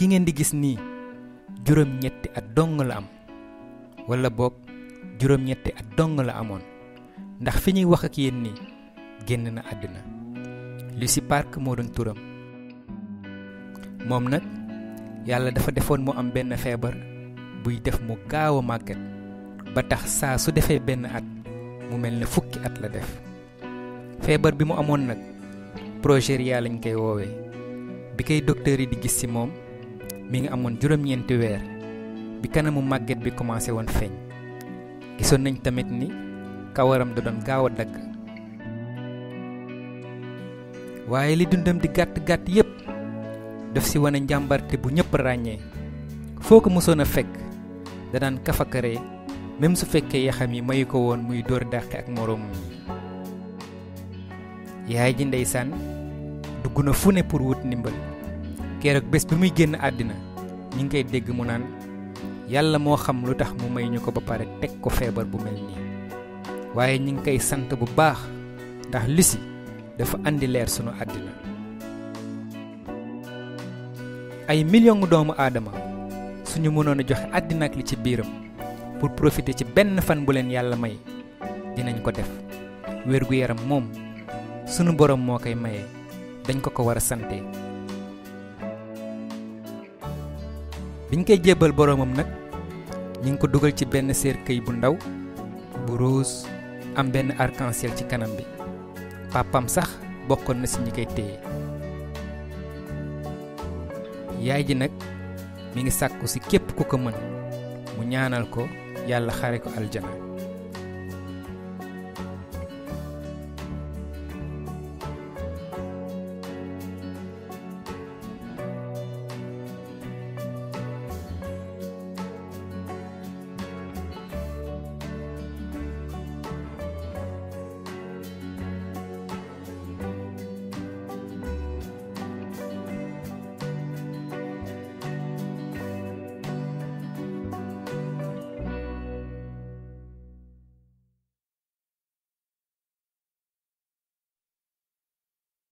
ki ngeen di gis ni juróom ñetti at dong la am wala boog juróom ñetti at dong la amoon ndax fi ñuy wax ak yéen ni génn na lucy park moo doon turam moom nag yàlla dafa defoon mu am benn feebar buy def mu gaaw a ba tax saa su defee benn at mu mel ne fukki at la def feebar bi mu amoon nag progeria lañ koy woowee bi kay docteur yi di gis ci moom mi ngi amoon juróom-ñeenti weer bi mu màgget bi commencé woon feeñ gisoon nañ tamit ni kawaram da doon gaaw a dagg waaye li dundam di gàtt-gàtt yépp daf si wane njàmbarte bu ñëpp ràññee foo ko mosoon a fekk danaan kafakare même su fekkee yaxam yi mayu ko woon muy door dàqe ak moroom yaay ji ndeysaan dugg na fu ne pour wut ndimbal keroog bés bi muy génn àddina ñi ngi koy dégg mu naan yàlla moo xam lu tax mu may ñu ko ba pare teg ko feebar bu mel nii waaye ñi ngi koy sant bu baax ndax lisi dafa andi leer sunu àddina ay millions doomu aadama suñu mënoon a joxe àddina ak li ci biiram pour profiter ci benn fan bu leen yàlla may dinañ ko def wér gu yaram moom sunu borom moo koy maye dañ ko ko war sante biñ koy jébal boromam nag ñi ngi ko dugal ci benn cercueil bu ndaw bu rose am benn arc en ciel ci kanam bi papam sax bokkoon na si ñi koy téye yaay ji nag mi ngi sàkku si képp ku ko mën mu ñaanal ko yàlla xare ko aljana